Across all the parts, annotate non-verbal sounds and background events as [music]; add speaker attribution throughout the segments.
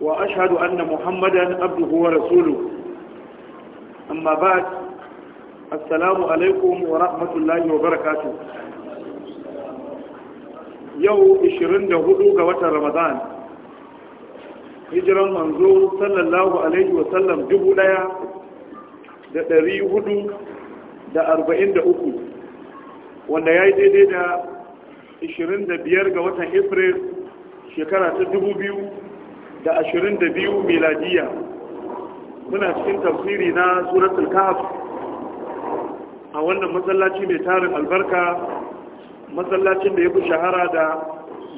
Speaker 1: وأشهد أن محمدا عبده ورسوله أما بعد السلام عليكم ورحمة الله وبركاته يوم 24 وتر رمضان hijiran manzo sallallahu alaihi wasallam dubu daya da dari hudu da arba'in da uku wanda ya yi daidai da biyar ga watan april shekara ta dubu biyu da ashirin da biyu miladiya muna cikin tafsiri na suratul kahf a wannan masallaci mai tarin albarka masallacin da ya fi shahara da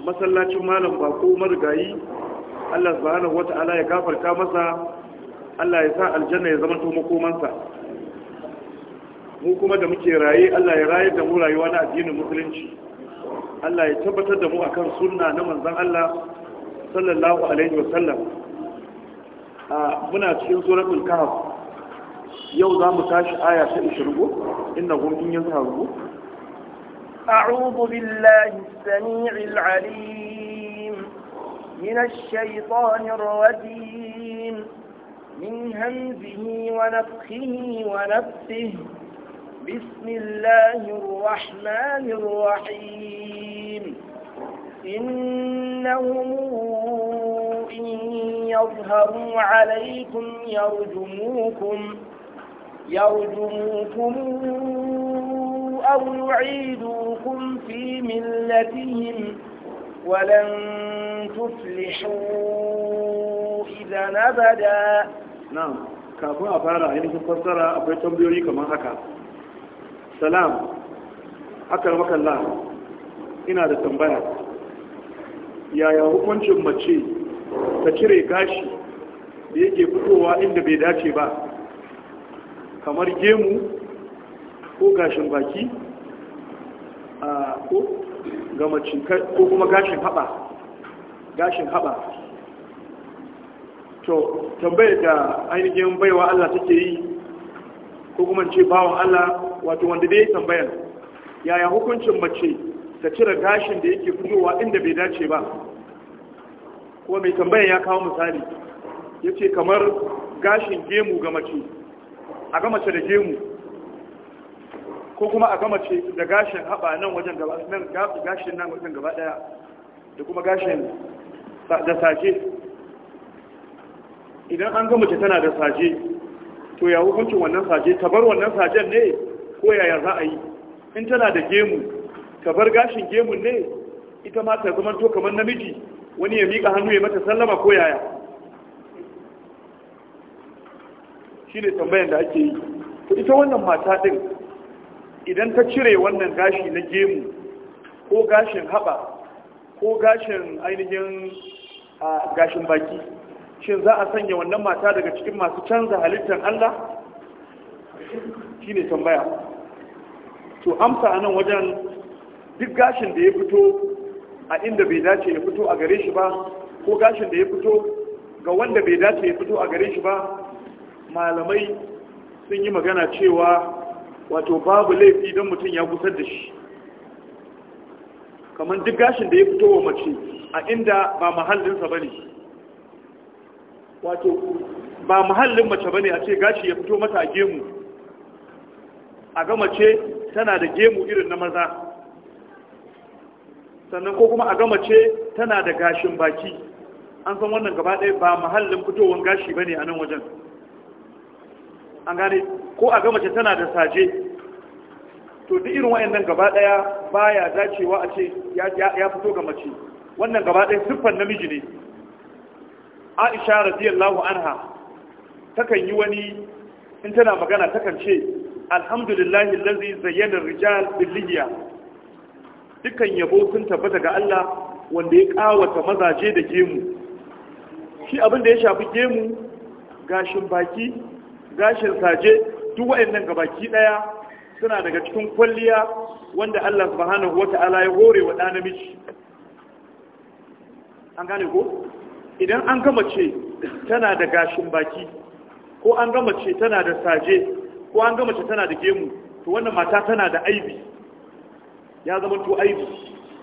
Speaker 1: masallacin malam bako marigayi Allah subhanahu wata'ala ya gafarta masa Allah ya sa aljanna ya zama to makomansa mu kuma da muke raye Allah ya raye da mu rayuwa na addinin musulunci Allah ya tabbatar da mu akan sunna na manzon Allah صلى الله عليه وسلم هنا في سورة الكهف يوضع متاش آية سيشربه إنهم إن يذهبوا
Speaker 2: أعوذ بالله السميع العليم من الشيطان الرجيم من همزه ونفخه ونفسه بسم الله الرحمن الرحيم إنهم إن يظهروا عليكم يرجموكم يرجموكم أو يعيدوكم في ملتهم ولن تفلحوا إذا أبدا
Speaker 1: نعم kafin a fara ainihin fassara akwai tambayoyi kamar haka salam akal makalla ina da tambaya yaya hukuncin mace ta cire gashi da yake fitowa inda bai dace ba kamar gemu ko gashin baki ga mace ko kuma gashin haɓa gashin haɓa to tambayar da ainihin baiwa Allah take yi ko kuma ce bawan Allah wato wanda dai tambayar yaya hukuncin mace ta cire gashin da yake fitowa inda bai dace ba kuma mai tambaya ya kawo misali ya ce kamar gashin gemu ga mace a ga mace da gemu ko kuma a ga mace da gashin haɓa nan wajen gaba nan gashin nan wajen gaba ɗaya da kuma gashin da sake idan an ga mace tana da saje to ya hukuncin wannan saje ta bar wannan sajen ne ko yaya za a yi in tana da gemu ka bar gashin gemun ne ita ma ta zama to kamar namiji wani ya miƙa hannu ya mata sallama ko yaya shi ne tambayan da ake yi to ita wannan mata ɗin idan ta cire wannan gashi na gemu ko gashin haɓa ko gashin ainihin gashin baki shin za a sanya wannan mata daga cikin masu canza halittar Allah shi ne tambaya to amsa a wajen duk gashin da ya fito a inda bai dace ya fito a gare shi ba ko gashin da ya fito ga wanda bai dace ya fito a gare shi ba malamai sun yi magana cewa wato babu laifi don mutum ya gusar da shi kamar duk gashin da ya fito wa mace a inda ba mahallinsa ba ne wato ba mahallin mace ba ne a ce gashi ya fito mata a gemu a ga mace tana da gemu irin na maza sannan ko kuma a gama ce tana da gashin baki an san wannan gaba ɗaya ba mahallin fitowar gashi ba ne a nan wajen an gane ko a gama ce tana da saje to duk irin wayannan gaba ɗaya ya dacewa a ce ya fito ga mace wannan gaba ɗaya siffar namiji ne aisha radiyallahu anha takan yi wani in tana magana takan ce alhamdulillahi lazi zayyanar rijal bilhiyya Dukan yabo sun tabbata ga Allah wanda ya kawata mazaje da gemu shi abin da ya shafi gemu gashin baki gashin saje duk ga gabaki daya suna daga cikin kwalliya wanda Allah subhanahu wata'ala ya hore wa dan namiji an gane ko idan an gama ce tana da gashin baki ko an gama ce tana da saje ko an gama ce tana da gemu to wannan mata tana da aibi ya zama to aibu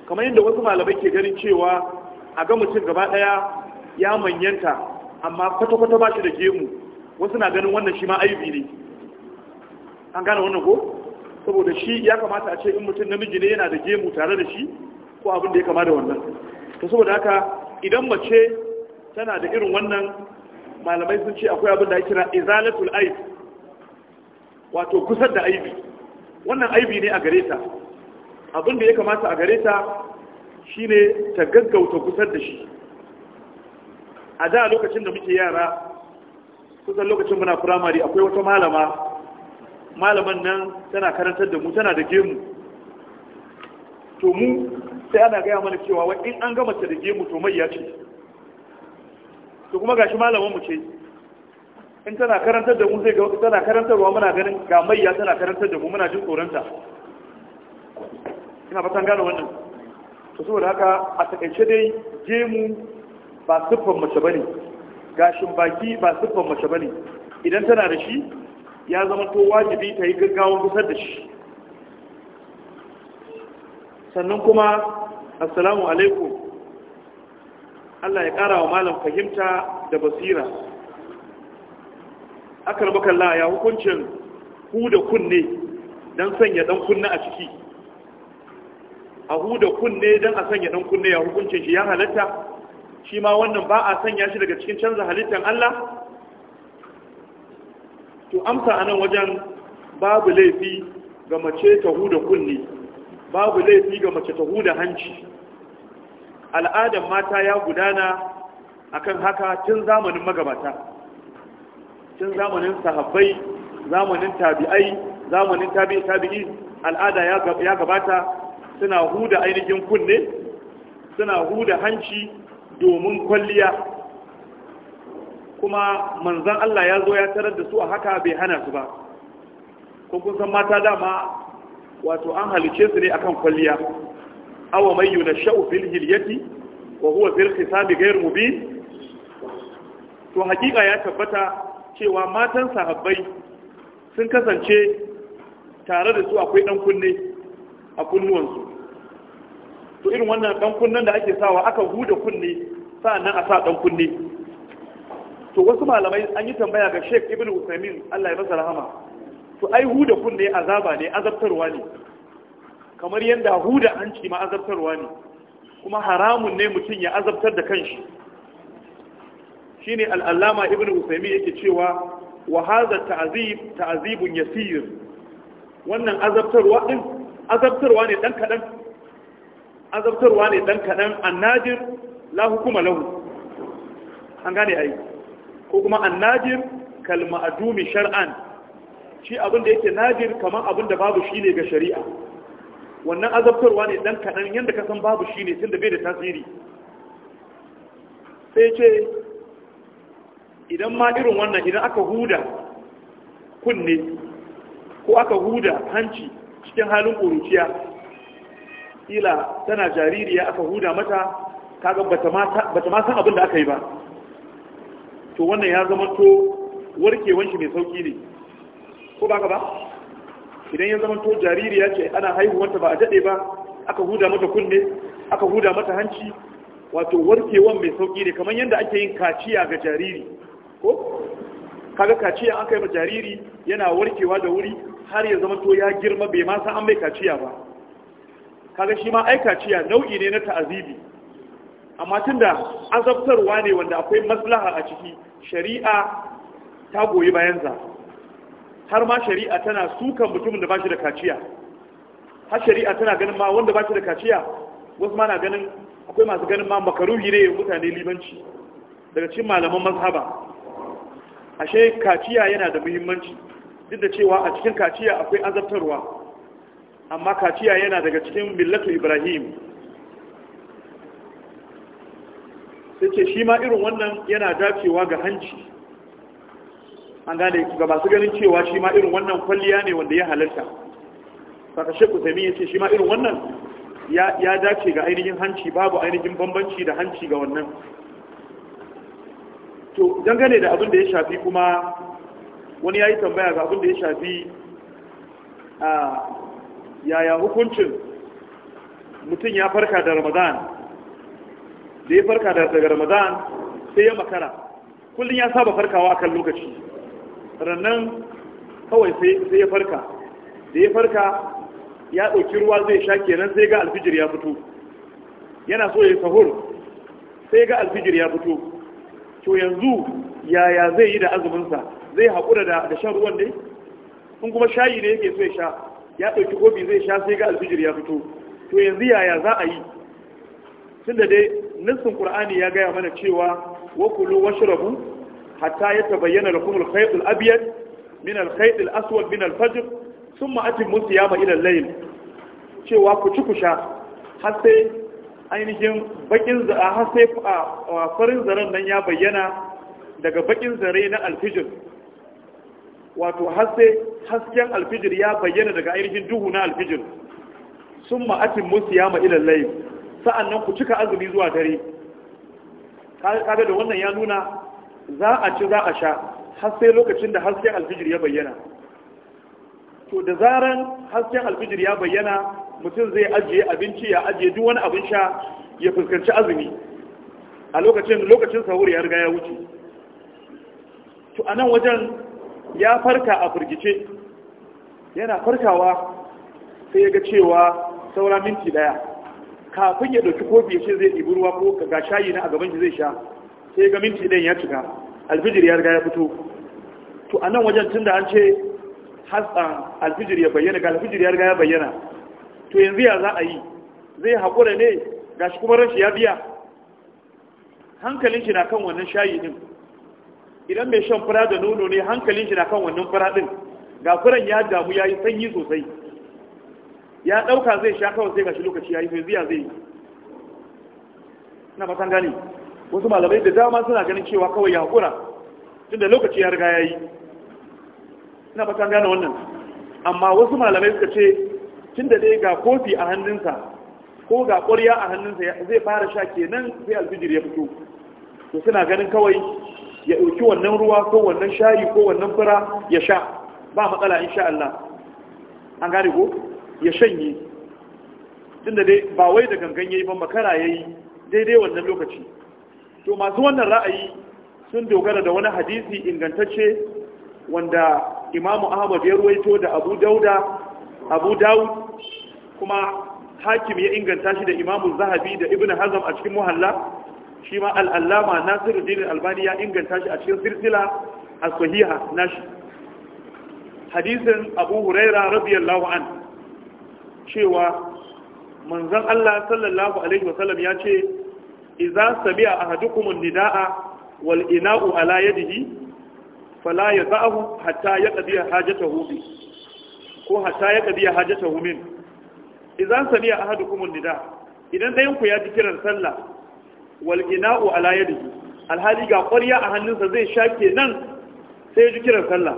Speaker 1: kamar yadda wasu malamai ke ganin cewa a ga mutum gaba daya ya manyanta amma kwata-kwata ba shi da gemu wasu na ganin wannan shi ma aibi ne an gane wannan ko saboda shi ya kamata a ce in mutum namiji ne yana da gemu tare da shi ko abin da ya kama da wannan to saboda haka idan mace tana da irin wannan malamai sun ce akwai abin da ya kira izalatul aibi wato kusar da aibi wannan aibi ne a gare ta abin da ya kamata a gare ta shine ta gaggauta kusar da shi a da lokacin da muke yara kusan lokacin muna firamare akwai wata malama malaman nan tana karantar da mu tana da gemu to mu sai ana gaya mana cewa wa in an gama ta da gemu to mai ya ce to kuma gashi malaman mu ce in tana karantar da mu zai tana karantarwa muna ganin ga mai ya tana karantar da mu muna jin tsoronta ina fatan gane wannan to saboda haka a takaice dai jemu ba siffan mace bane gashin baki ba siffan mace bane idan tana da shi ya zama to wajibi ta yi gaggawan kusar da shi sannan kuma assalamu alaikum Allah ya ƙara wa malam fahimta da basira akar makalla ya hukuncin ku da kunne don sanya dan kunne a ciki a huda kunne don a sanya ɗan kunne ya hukuncin shi ya halatta shi ma wannan ba a sanya shi daga cikin canza halittar Allah to amsa a nan wajen babu laifi ga mace ta huda kunne babu laifi ga mace ta huda hanci Al'adan mata ya gudana akan haka tun zamanin magabata tun zamanin sahabbai zamanin tabi'ai zamanin tabi'i tabi'i al'ada ya gabata suna huda ainihin kunne suna huda hanci domin kwalliya kuma manzan Allah ya zo ya tarar da su a haka bai hana su ba ko kun san mata dama wato an halice su ne akan kwalliya awa mai yuna sha'u fil hilyati wa huwa fil khisabi ghayr mubin to hakika ya tabbata cewa matan sahabbai sun kasance tare da su akwai dan kunne a kunnuwansu to irin wannan dan kunnen da ake sawa aka huda kunne sa'annan a sa dan kunne to wasu malamai an yi tambaya ga Sheikh Ibn Uthaymeen Allah ya masa rahama to ai huda kunne azaba ne azabtarwa ne kamar yadda huda hanci ma azabtarwa ne kuma haramun ne mutum ya azabtar da kanshi shine al-allama Ibn Uthaymeen yake cewa wa hadha ta'zib ta'zibun yasir wannan azabtarwa din azabtarwa ne dan kadan azabtarwa ne dan kaɗan annajir la hukuma lahu an gane ai ko kuma annajir kal ma'dumi shar'an shi abin yake najir kaman abin da babu shine ga shari'a wannan azabtarwa ne dan kaɗan yanda ka san babu shine da bai da tasiri sai ce idan ma irin wannan idan aka huda kunne ko aka huda hanci cikin halin ƙuruciya kila tana jaririya aka huda mata kaga bata ma san abin da aka yi ba to wannan ya zama to warkewan shi mai sauki ne ko ba ka ba idan ya zama to jaririya ce ana haihuwanta ba a daɗe ba aka huda mata kunne aka huda mata hanci wato warkewan mai sauki ne kamar yadda ake yin kaciya ga jariri ko kaga kaciya aka yi ma jariri yana warkewa da wuri har ya zama to ya girma bai ma san an mai kaciya ba kaga shi ma aikaciya nau'i ne na ta'azibi amma tunda azabtarwa ne wanda akwai maslaha a ciki shari'a ta goyi bayanza. har ma shari'a tana sukan mutumin da ba shi da kaciya har shari'a tana ganin ma wanda ba shi da kaciya wasu ma na ganin akwai masu ganin ma makaruhi ne mutane limanci daga cikin malaman mazhaba ashe kaciya yana da muhimmanci duk da cewa a cikin kaciya akwai azabtarwa amma kaciya yana daga cikin millatu ibrahim sai ce shi ma irin wannan yana dacewa ga hanci an gane ga masu ganin cewa shi ma irin wannan kwalliya ne wanda ya halarta saka shekku zami ya ce shi ma irin wannan ya dace ga ainihin hanci babu ainihin bambanci da hanci ga wannan to dangane da abin da ya shafi kuma wani ya yi tambaya ga abin da ya shafi ah, yaya hukuncin mutum ya farka da ramadan da ya farka daga ramadan sai ya makara kullum ya saba farkawa a kan lokaci rannan kawai sai ya farka da ya farka ya ɗauki ruwa zai sha kenan sai ga alfijir ya fito yana so ya sahur sai ga alfijir ya fito to yanzu yaya zai yi da azuminsa zai haƙura da shan ruwan ne in kuma shayi ne yake so ya sha ya ɗauki kofi zai sha sai ga alfijir ya fito to yanzu yaya za a yi tunda dai nassin qur'ani ya gaya mana cewa wa kulu washrabu hatta yatabayyana lakum al-khayt al-abyad min al-khayt al-aswad min al-fajr thumma atimmu siyama ila al-layl cewa ku ci ku sha har sai ainihin bakin zara har sai farin zaren nan ya bayyana daga bakin zare na alfijir wato sai hasken alfijir ya bayyana daga ainihin duhu na alfijir sun ma'atin musu ya ma'ilan layi nan ku cika azumi zuwa dare kaga da wannan ya nuna za a ci za a sha har sai lokacin da hasken alfijir ya bayyana to da zaran hasken alfijir ya bayyana mutum zai ajiye abinci ya ajiye duk wani abin sha ya fuskanci azumi a lokacin lokacin sahur ya riga ya wuce to a nan wajen ya farka a firgice yana farkawa sai ya ga cewa saura minti daya kafin ya dauki kofi ya ce zai ɗibi ruwa ko ga shayi na a gaban shi zai sha sai ya ga minti ɗayan ya cika alfijir ya riga ya fito to a nan wajen tun da an ce hatsan alfijir ya bayyana ga alfijir ya riga ya bayyana to yanzu ya za a yi zai haƙura ne gashi kuma ranshi ya biya hankalin shi na kan wannan shayi din idan mai shan fura da nono ne hankalin shi na kan wannan fura din ga furan ya damu ya yi sanyi sosai ya ɗauka zai sha kawai sai gashi lokaci ya yi mai ziya zai yi na matan gani wasu malamai da dama suna ganin cewa kawai ya haƙura tunda lokaci ya riga ya yi na matan gane wannan amma wasu malamai suka ce tunda dai ga kofi a hannunsa ko ga ƙwarya a hannunsa zai fara sha kenan sai alfijir ya fito to suna ganin kawai ya ɗauki wannan ruwa ko wannan shayi ko wannan fura ya sha ba matsala in sha Allah an gane ko ya shanye tunda dai ba wai da gangan ya yi ba makara ya yi. daidai wannan lokaci to masu wannan ra'ayi sun dogara da wani hadisi ingantacce wanda imamu ahmad ya ruwaito da abu dauda abu daud kuma hakim ya inganta shi da imamu zahabi da ibn hazam a cikin muhalla shi ma al'allama nasiru dinin albani ya inganta shi a cikin silsila a sahiha shi. hadisin abu huraira radiyallahu an cewa manzan Allah sallallahu alaihi wasallam ya ce idza sabi'a ahadukum nidaa wal ina'u ala yadihi fala ya yada'ahu hatta yaqdi hajatahu bi ko hatta yaqdi hajatahu min idza sabi'a ahadukum nidaa idan dayan ku ya ji kiran sallah wal gina'u ala yadihi alhali ga ƙwarya a hannunsa zai shake nan sai ya ji kiran sallah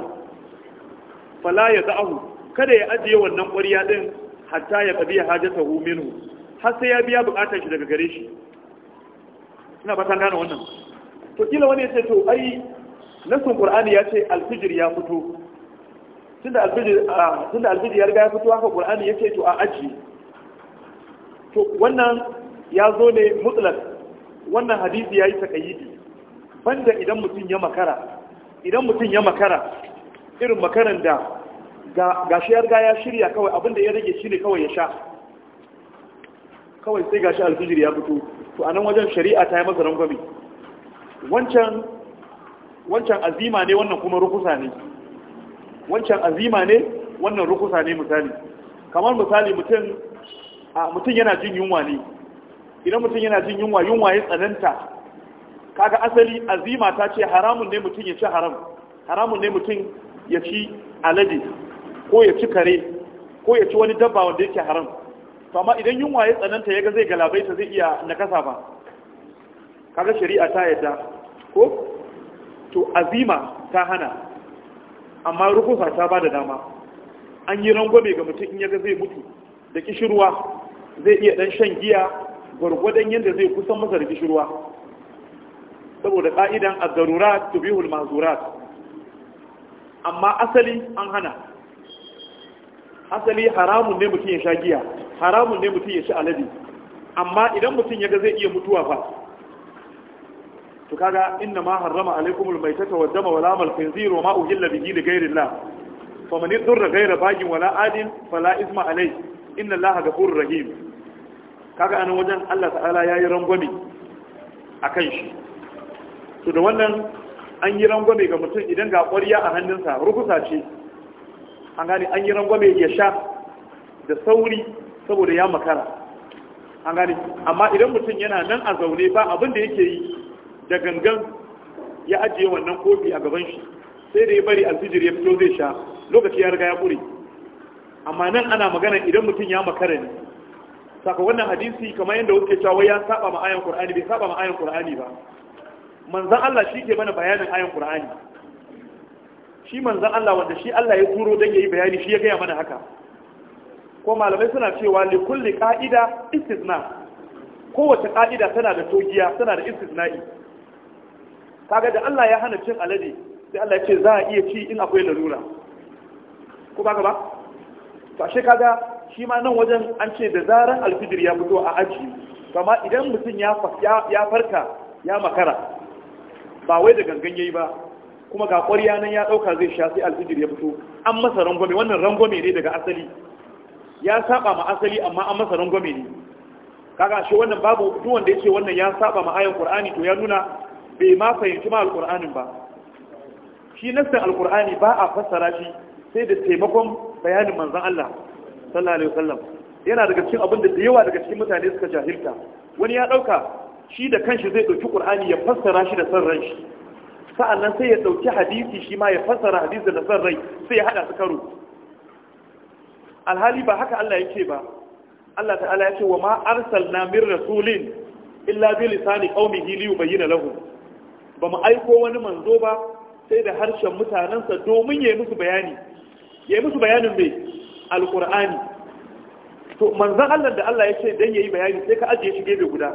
Speaker 1: fala ya za'ahu kada ya ajiye wannan ƙwarya din hatta ya tabi hajata hu minhu har sai ya biya bukatar shi daga gare shi ina fata gane wannan to kila wani ya ce to ai nasin qur'ani ya ce alfijir ya fito tunda alfijir tunda alfijir ya riga ya fito haka qur'ani ya ce to a ajiye to wannan ya zo ne mutlak wannan hadisi ya yi takayyidi banda idan mutum ya makara idan mutum ya makara irin makaran da ga shi ya ya shirya kawai abinda ya rage shi ne kawai ya sha kawai sai gashi alfijir ya fito to a nan wajen shari'a ta yi masa rangwame wancan wancan azima ne wannan kuma rukusa ne wancan azima ne wannan rukusa ne misali kamar misali mutum a mutum yana jin yunwa ne idan mutum yana jin yunwa yunwa ya tsananta kaga asali azima ta ce haramun ne mutum ya ci haram haramun ne mutum ya ci alade ko ya ci kare ko ya ci wani dabba wanda yake haram to amma idan yunwa ya tsananta yaga zai galabaita zai iya nakasa ba kaga shari'a ta yadda ko to azima ta hana amma rukusa ta ba da dama an yi rangwame ga mutum in yaga zai mutu da kishirwa zai iya dan shan giya gwargwadon yadda zai kusan masa da kishirwa saboda ƙa'idan az-zarurat tubihul mahzurat amma asali an hana asali haramun ne mutum ya sha giya haramun ne mutum ya sha alade amma idan mutum ya ga zai iya mutuwa fa to kaga inna ma harrama alaikumul maitata wad dama wala mal khinzir wa ma uhilla bihi li ghayrillah faman yadurra ghayra bagin wala adin fala isma alayhi inna allaha ghafurur rahim kaga anan wajen Allah ta'ala yayi rangwame akan shi to da wannan an yi rangwame ga mutum idan ga ƙwariya a hannunsa rukusa ce an gane an yi rangwame ya sha da sauri saboda ya makara an gane amma idan mutum yana nan a zaune ba abin da yake yi da gangan ya ajiye wannan kofi a gaban shi sai da ya bari alfijir ya fito zai sha lokaci ya riga ya ƙure amma nan ana magana idan mutum ya makara ne saka wannan hadisi kamar yadda wuce cewa ya saba ma ayan qur'ani bai saba ma ayan qur'ani ba manzon Allah shi ke mana bayanin ayan qur'ani shi manzon Allah wanda shi Allah ya turo dan yayi bayani shi ya gaya mana haka ko malamai suna cewa li kulli qa'ida istisna kowace ka'ida tana da togiya tana da istisna'i kaga da Allah ya hana cin alade sai Allah ya ce za a iya ci in akwai larura ko ba ka ba to ashe kaga shi ma nan wajen an ce da zarar alfijir ya fito a aji kama idan mutum ya farka ya makara ba wai da gangan yayi ba kuma ga ƙwarya nan ya ɗauka zai sha sai alfijir ya fito an masa rangwame wannan rangwame ne daga asali ya saba ma asali amma an masa rangwame ne kaga shi wannan babu duk wanda yake wannan ya saba ma ayan qur'ani to ya nuna bai ma fahimci ma alqur'anin ba shi nassin alqur'ani ba a fassara shi sai da taimakon bayanin manzon Allah sallallahu alaihi wasallam yana daga cikin abin da yawa daga cikin mutane suka jahilta wani ya dauka shi da kanshi zai dauki qur'ani ya fassara shi da san ran shi sa'annan sai ya dauki hadisi shi ma ya fassara hadisi da san rai sai ya hada su karo alhali ba haka Allah yake ba Allah ta'ala ya ce wa ma arsalna min rasulin illa bi lisani qaumihi li yubayyana lahum ba mu aiko wani manzo ba sai da harshen mutanansa domin yayi musu bayani yayi musu bayanin me alkur'ani to manzan Allah da Allah ya ce dan yayi bayani sai ka ajiye shi gefe guda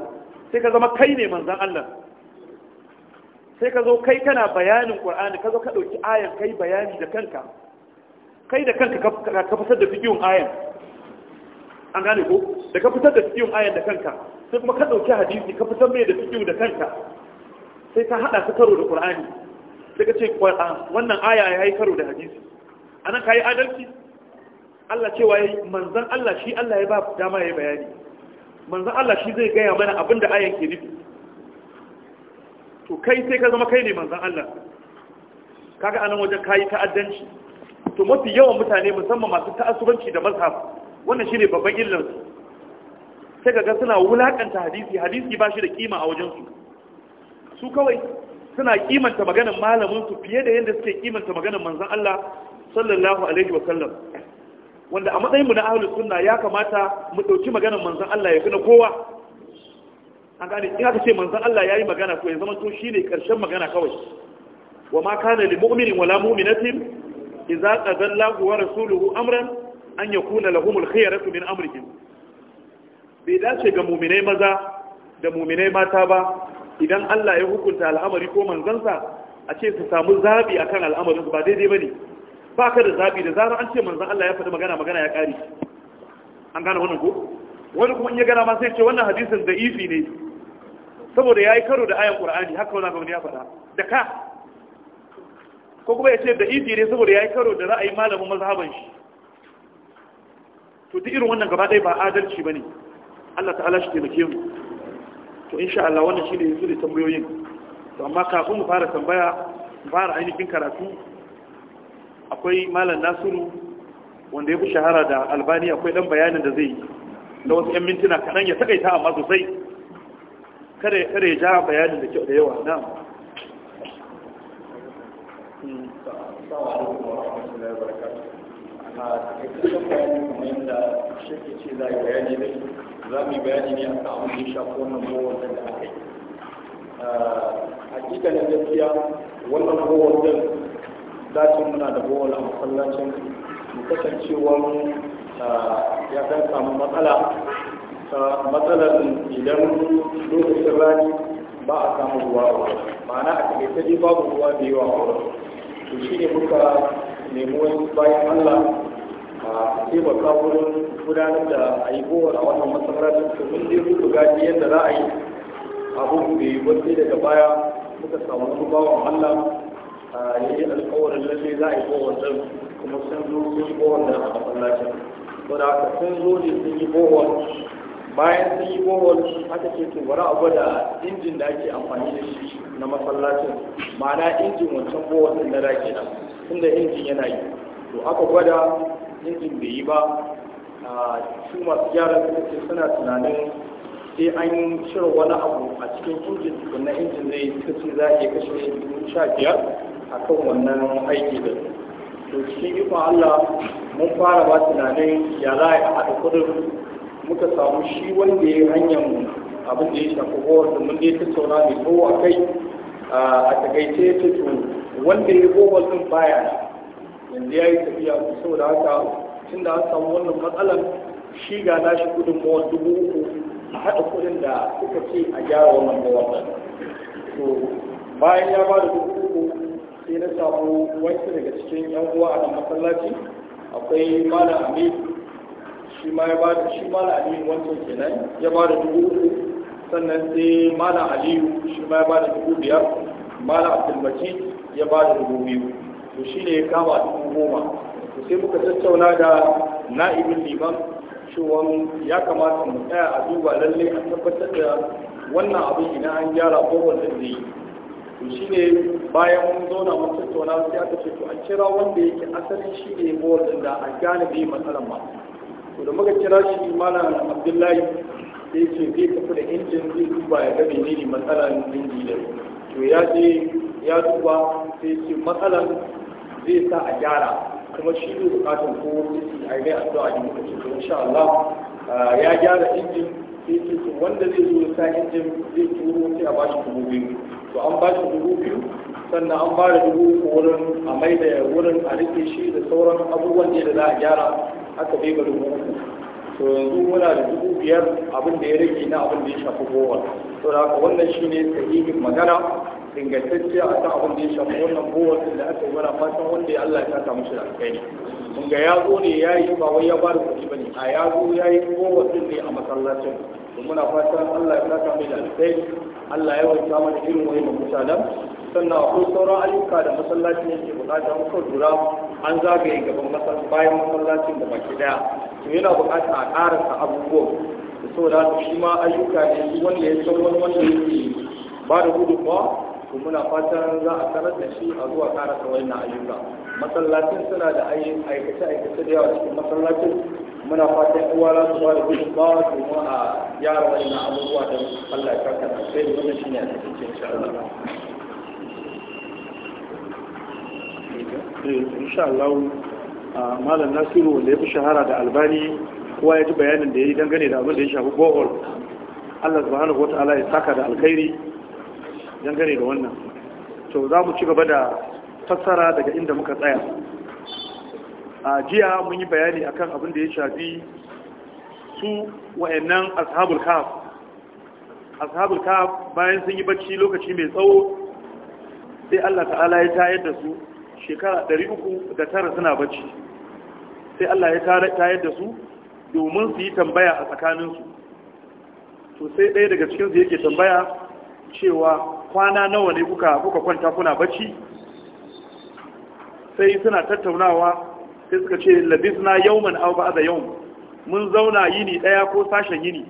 Speaker 1: sai ka zama kai ne manzan Allah sai ka zo kai kana bayanin qur'ani ka zo ka dauki ayan kai bayani da kanka kai da kanka ka fitar da fikihun ayan an gane ko da ka fitar da fikihun ayan da kanka sai kuma ka dauki hadisi ka fitar mai da fikihu da kanka sai ka hada su karo da qur'ani sai ka ce wannan aya ya yi karo da hadisi anan kai adalci Allah cewa yayi manzon Allah shi Allah ya ba dama ya bayani manzon Allah shi zai gaya mana abin da ayan ke nufi to kai sai ka zama kai ne manzon Allah kaga anan wajen kayi ta'addanci to mafi yawan mutane musamman masu ta'assubanci da mazhab wannan shine babban illar su sai kaga suna wulakanta hadisi hadisi ba shi da kima a wajen su su kawai suna kimanta maganar malamin su fiye da yadda suke kimanta maganar manzon Allah sallallahu alaihi wa sallam wanda a matsayinmu na ahlus sunna ya kamata mu ɗauki maganar manzon Allah ya fi na kowa an gane in aka ce manzon Allah ya yi magana to ya zama to shine karshen magana kawai wa ma kana lil mu'minin wala mu'minatin idza qada Allahu wa rasuluhu amran an yakuna lahumul khiyaratu min amrihim bai dace ga mu'minai maza da mu'minai mata ba idan Allah ya hukunta al'amari ko manzansa a ce su samu zabi akan al'amarin ba daidai bane ba ka da zaɓi da zarar an ce manzan Allah ya faɗi magana magana ya ƙari an gane wannan ko wani kuma in ya gana ma sai ce wannan hadisin da ifi ne saboda ya yi karo da ayan ƙur'ani haka wani abin ya faɗa da ka ko kuma ya ce da ifi ne saboda ya yi karo da ra'ayi malamin mazhaban shi to ta irin wannan gaba ɗaya ba adalci ba ne Allah ta'ala shi taimake mu to insha Allah wannan shi ne yanzu da tambayoyin to amma kafin mu fara tambaya mu fara ainihin karatu akwai malam nasiru wanda ya fi shahara da albani akwai dan bayanin da zai yi wasu 'yan mintuna kaɗan ya taƙaita amma sosai kada ya ja bayanin da kyau da yawa na
Speaker 3: bayani a ah, hakikalin gaskiya wannan dacin muna da a masallacin mu kasancewa ya kan samu matsala matsalar idan lokacin rani ba a samu ruwa a wurin ma'ana a ta dai babu ruwa da yawa a wurin to shi ne muka nemi bayan allah a taimaka wurin gudanar da a yi bowar a wannan masallacin to mun dai rufu gaji yadda za a yi abun yi wasu daga baya muka samu wani allah A yi alkawarin lalle za a yi bohol kuma sun zo sun yi bohol ɗin a masallacin to da haka sun zo ne sun yi bohol bayan sun yi bohol haka ce to bari a gwada injin da ake amfani da shi na masallacin ma'ana injin wancan bohol ɗin na da kenan tunda injin yana yi to aka gwada injin bai yi ba su masu gyara suka ce suna tunanin sai an cire wani abu a cikin injin na injin zai suka ce za a iya kashe shi dubu sha biyar akan wannan aiki da su shi ikon Allah mun fara ba tunanin ya za a haɗa kudin muka samu shi wanda ya hanyar abin da ya shafi kowar da mun dai tattauna mai kowa kai a takaice ya to wanda ya kowar din baya yanzu ya yi tafiya saboda haka tun da an samu wannan matsalar shi ga nashi kudin mawar dubu uku a haɗa kudin da suka ce a gyara wannan mawar to bayan ya ba da dubu uku sai na samu wasu daga cikin yan uwa a masallaci akwai mala amin shi ma ya bada shi malam amin wancan kenan ya bada dubu uku sannan sai mala aliyu shi ma ya bada dubu biyar mala abdulmajid ya bada dubu biyu to shine ya kama dubu goma to sai muka tattauna da na'ibin liman cewa ya kamata mu tsaya a duba lallai a tabbatar da wannan abin idan an gyara ko wanda zai yi to shi ne bayan mun zauna mun tattauna sai aka ce to an kira wanda yake asali shi ne mawar da a gane bai matsalan ba to da muka kira shi malam abdullahi sai ce zai tafi da injin zai duba ya ga menene matsalan inji da to ya je ya duba sai ce matsalan zai sa a gyara kuma shi ne bukatun ko sai a yi addu'a da muka ce to insha Allah ah, ya gyara injin sai ce wanda zai zo sa injin zai turo sai a bashi kuma biyu to an ba shi dubu biyu sannan an ba da dubu uku wurin a mai da wurin a rike shi da sauran abubuwan ne da za a gyara aka bai ga dubu uku to yanzu muna da dubu biyar abin da ya rage na abin da ya shafi bowa to da haka wannan shi ne sahihin magana ingantacce a kan abin da ya shafi wannan bowa da aka yi mana fatan wanda ya Allah ya saka mishi da alkhairi mun ga ya zo ne ya yi ba wai ya ba da kuɗi bane a ya zo ya yi bowa ne a masallacin muna fatan Allah ya saka mai da Allah ya wata mana irin wani mutanen sannan akwai sauran ayyuka da masallacin yake bukata muka lura an zagaye gaban masallacin bayan masallacin da baki daya to yana bukata a karasa abubuwa da saboda su shi ma ayyuka ne wanda ya san wani wanda yake ba da gudunmawa to muna fatan za a sanar da shi a zuwa karasa na ayyuka masallacin suna da aikace-aikace da yawa cikin masallacin muna fatan uwa za su bada gudun ba domin a yara wani abubuwa da Allah ya kaka da sai
Speaker 4: wanda shi ne a cikin insha Allah.
Speaker 3: Eh, insha Allah malam Nasiru wanda ya fi shahara da Albani
Speaker 1: kowa ya ji bayanin da ya yi dangane da abin da ya shafi bohol Allah subhanahu wa ta'ala ya saka da alkhairi dangane da wannan to za mu ci gaba da fassara daga inda muka tsaya a jiya mun yi bayani akan abin da ya shafi su wa'annan ashabul kaf ashabul kaf bayan sun yi bacci lokaci mai tsawo sai Allah ta'ala ya tayar da su shekara 309 suna bacci sai Allah ya tayar da su domin su yi tambaya a tsakaninsu to sai ɗaya daga cikin su yake tambaya cewa kwana nawa ne kuka kuka kwanta kuna bacci sai suna tattaunawa sai suka ce labisna yawman aw ba'da yawm mun zauna yini daya ko sashen yini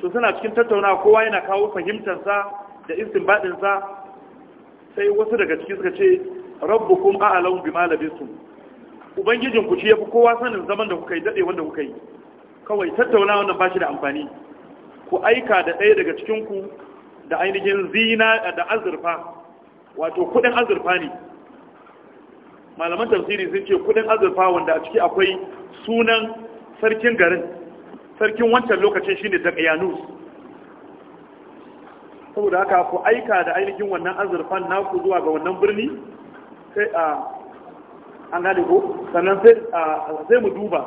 Speaker 1: to suna cikin tattaunawa kowa yana kawo fahimtar sa da istinbadin sa sai wasu daga ciki suka ce rabbukum a'lamu bima labistum ubangijin ku ci yafi kowa sanin zaman da kuka yi dade wanda kuka yi kawai tattaunawa wannan bashi da amfani ku aika da ɗaya daga cikin ku da ainihin zina da azurfa wato kudin azurfa ne malaman tafsiri sun ce kudin azurfa wanda a ciki akwai sunan sarkin garin sarkin wancan lokacin shine daqiyanus saboda haka ku aika da ainihin wannan azurfan naku zuwa ga wannan birni sai a an gane ko sannan sai mu duba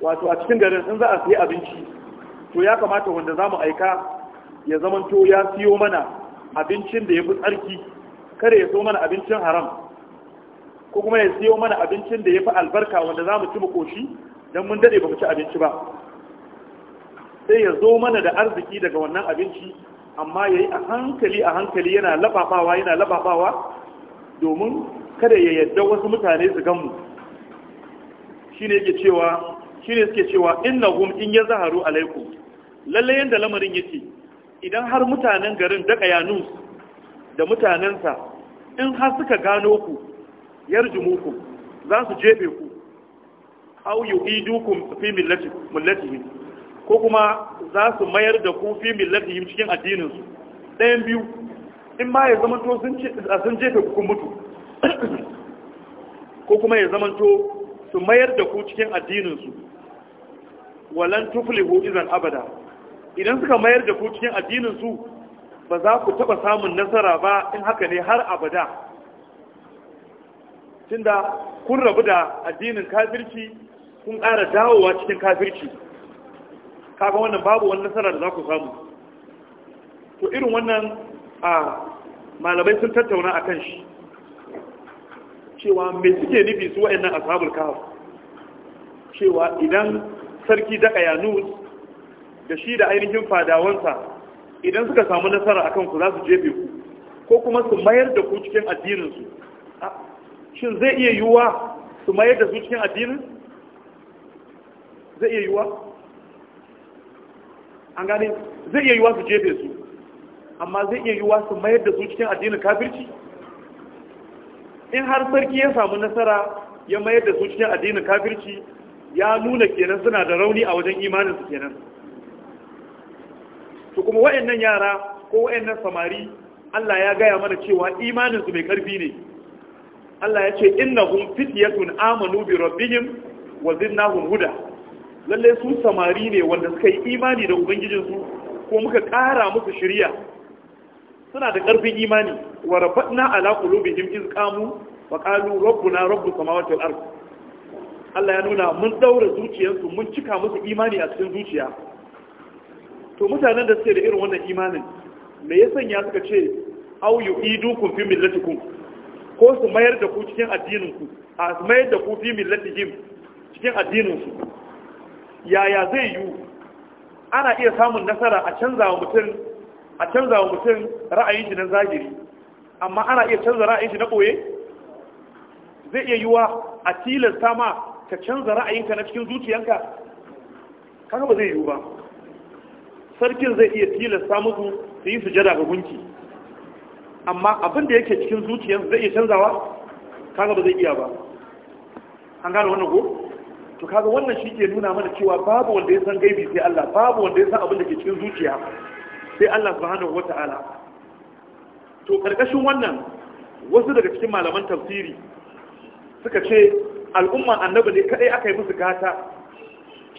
Speaker 1: wato a cikin garin in za a sayi abinci to ya kamata wanda za mu aika ya zamanto ya siyo mana abincin da ya fi tsarki kada ya so mana abincin haram ko kuma ya siyo mana abincin da ya fi albarka wanda za mu ci mu don mun dade ba mu ci abinci ba sai ya zo mana da arziki daga wannan abinci amma ya yi a hankali a hankali yana lafafawa yana lafafawa domin kada ya yadda wasu mutane su ganmu shi ne yake cewa shi ne suke cewa innahum in ya zaharu alaiku. Lallai yanda lamarin yake idan har mutanen garin da kayanus da mutanensa in har suka gano ku yarjumukum za su jebe ku aw yu'idukum fi millati millatihim ko kuma za su mayar da ku fi millatihim cikin addinin su ɗayan biyu in ma ya zamanto sun sun jefe ku kun mutu [coughs] ko kuma ya to su mayar da ku cikin addinin su walan tuflihu idan abada idan suka mayar da ku cikin addinin su ba za ku taba samun nasara ba in haka ne har abada tunda kun rabu da addinin kafirci kun ƙara dawowa cikin kafirci kaga wannan babu wani nasara da za ku samu to irin wannan a malamai sun tattauna a kan shi cewa mai suke nufi su wa'annan ashabul kawo cewa idan sarki daga yanus da shi da ainihin fadawansa idan suka samu nasara akan ku za su jefe ku ko kuma su mayar da ku cikin addininsu shin zai iya yiwuwa su mayar da su cikin addinin zai iya yiwuwa an gane zai iya yiwuwa su jefe su amma zai iya yiwuwa su mayar da su cikin addinin kafirci in har sarki ya samu nasara ya mayar da su cikin addinin kafirci ya nuna kenan suna da rauni a wajen imanin su kenan to kuma waɗannan yara ko waɗannan samari Allah ya gaya mana cewa imanin su mai karfi ne Allah ya ce innahum fityatun amanu bi rabbihim wa zinnahum huda lalle su samari ne wanda suka yi imani da ubangijin su ko muka ƙara musu shiriya suna da ƙarfin imani wa rabatna ala qulubihim iz qamu wa qalu rabbuna rabbus samawati wal Allah ya nuna mun daura zuciyarsu mun cika musu imani a cikin zuciya to mutanen da suke da irin wannan imanin me ya sanya suka ce au yu'idukum fi millatikum ko su mayar da ku cikin addininku a su mayar da ku fi millatihim cikin addininsu yaya zai yiwu ana iya samun nasara a canza wa mutum a canza wa mutum ra'ayin shi na zahiri amma ana iya canza ra'ayin shi na ɓoye zai iya wa a tilasta ma ka canza ra'ayinka na cikin zuciyanka kaga ba zai yiwu ba sarkin zai iya tilasta musu su yi sujada ga gunki amma abin da yake cikin zuciyarsa zai iya canzawa kaga ba zai iya ba an gane wannan ko to kaga wannan shi ke nuna mana cewa babu wanda ya san gaibi sai Allah babu wanda ya san abin da ke cikin zuciya sai Allah subhanahu wata'ala to karkashin wannan wasu daga cikin malaman tafsiri suka ce al'umma annabi ne kadai aka yi musu gata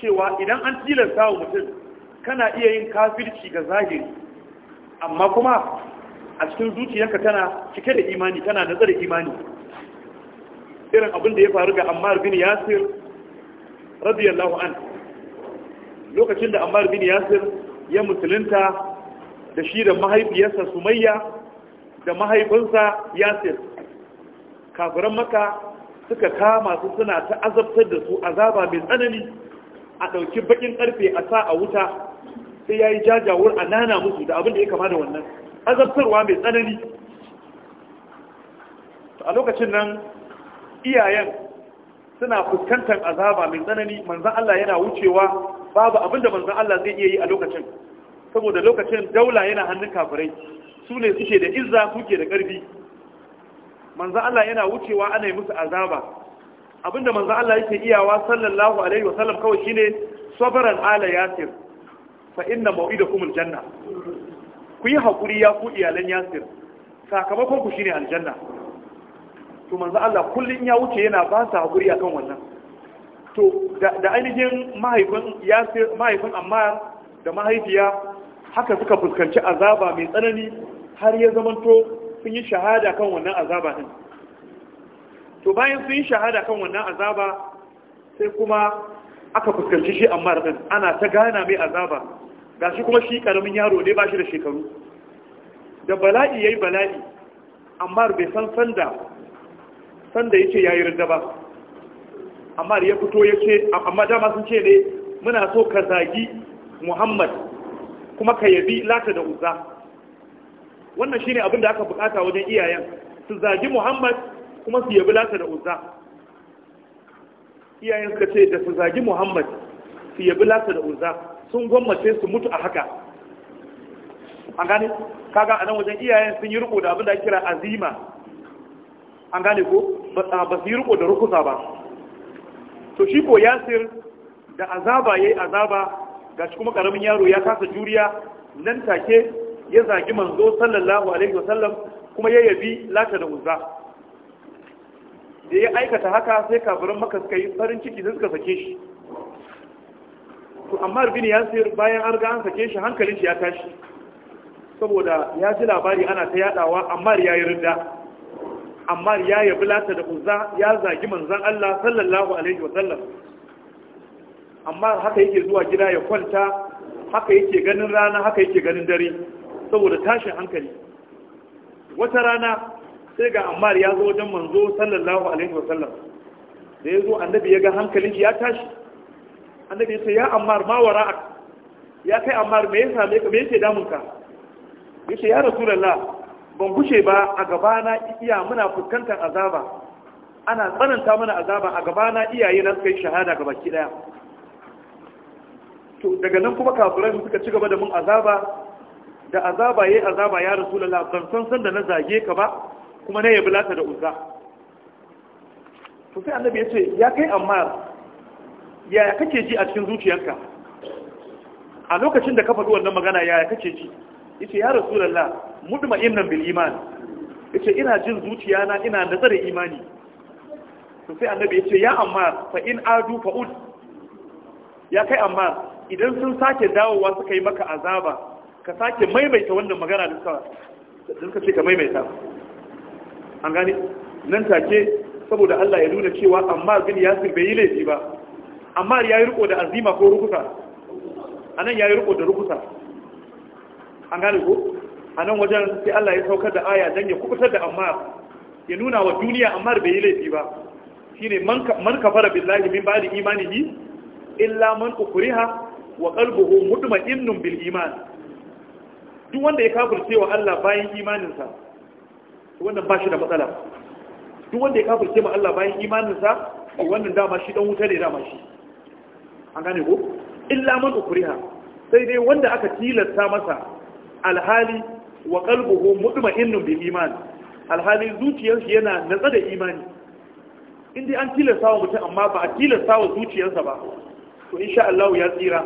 Speaker 1: cewa idan an tilasta wa mutum kana iya yin kafirci ga zahiri amma kuma a cikin zuciyarka tana cike da imani tana da imani irin abin da ya faru ga Ammar bin Yasir radiyallahu an lokacin da Ammar bin Yasir ya musulunta da shi da mahaifiyarsa Sumayya da mahaifinsa Yasir kafiran maka suka kama su suna ta azabtar da su azaba mai tsanani a ɗauki bakin ƙarfe a sa a wuta sai ya yi jajawar a nana musu da abin da ya kama da wannan azabtarwa mai tsanani a lokacin nan iyayen suna fuskantar azaba mai tsanani manzan Allah yana wucewa babu abinda manzan Allah zai iya yi a lokacin saboda lokacin daula yana hannun kafirai su ne suke da izza suke da ƙarfi manzan Allah yana wucewa ana yi musu azaba abinda manzan Allah yake iyawa sallallahu alaihi wasallam kawai shine sabran ala yasir fa inna mau'idakum Janna." ku yi haƙuri ya ku iyalan yasir sakamakon ku shine aljanna to manzo Allah kullun ya wuce yana ba su haƙuri akan wannan to da ainihin mahaifin yasir mahaifin amma da mahaifiya haka suka fuskanci azaba mai tsanani har ya zamanto sun yi shahada kan wannan azaba din to bayan sun yi shahada kan wannan azaba sai kuma aka fuskanci shi amma ana ta gana mai azaba gashi kuma shi karamin yaro ne ba shi da shekaru da bala'i ya yi bala'i amma bai san sanda sanda ya yayi rinda ba amma ya fito ya ce, amma dama sun ce ne muna so ka zagi Muhammad kuma ka yabi lata da uza. wannan shi ne abinda aka bukata wajen iyayen su zagi Muhammad kuma su yabi lata da uza. iyayen suka ce da su zagi Muhammad su yabi lata da uza. sun gwammace su mutu a haka an gane kaga a nan wajen iyayen sun yi riko da abin da kira azima an gane ko ba su yi riko da rukusa ba to shi ko yasir da azaba ya yi azaba shi kuma karamin yaro ya kasa juriya nan take ya zagi manzo sallallahu alaihi wasallam kuma ya yabi lata da uzza da ya aikata haka sai kafirin maka suka yi farin ciki suka sake shi to rubini ya sayar bayan an riga an sake shi hankalin shi ya tashi saboda ya ji labari ana ta yadawa ammar ya yi rinda ammar ya yi lata da uzza ya zagi manzan Allah sallallahu alaihi sallam amma haka yake zuwa gida ya kwanta haka yake ganin rana haka yake ganin dare saboda tashin hankali wata rana sai ga ammar ya zo wajen manzo sallallahu alaihi sallam da ya zo annabi ya ga hankalin shi ya tashi annabi ya ce ya ammar ma wara'ak ya kai ammar me ya same ka me yake damun ka yace ya rasulullah ban gushe ba a gabana iya muna fuskantar azaba ana tsananta mana azaba a gabana iyaye na suka yi shahada ga baki daya to daga nan kuma kafirai suka ci gaba da mun azaba da azaba yayi azaba ya rasulullah ban san san da na zage ka ba kuma na yabi lata da uzza to sai annabi ya ce ya kai ammar yaya kake ji a cikin zuciyarka? a lokacin da ka faɗi wannan magana yaya kake ji yace ya rasulullah innan bil iman yace ina jin zuciyana ina nazarin imani to sai annabi yace ya amma fa in adu fa ud ya kai amma idan sun sake dawowa suka yi maka azaba ka sake maimaita wannan magana da suka da suka ce ka maimaita an gane nan take saboda Allah ya nuna cewa amma bin yasir bai yi laifi ba amma ya yi riko da azima ko rukusa a nan ya yi riko da rukusa an gane ko a nan wajen sai Allah ya saukar da aya don ya kubutar da ammar ya nuna wa duniya ammar bai yi laifi ba shine man kafara billahi min imani ni? illa man ukriha wa qalbuhu mutma'innun bil iman duk wanda ya kafirce wa Allah bayan imaninsa wannan ba shi da matsala duk wanda ya kafirce ma Allah bayan imaninsa wannan dama shi dan wuta ne dama shi an gane ko illa man ukriha sai dai wanda aka tilasta masa alhali wa qalbuhu mutma'innun bil iman alhali zuciyar yana natsa da imani in dai an tilasta wa mutum amma ba a tilasta wa zuciyarsa ba to insha Allah ya tsira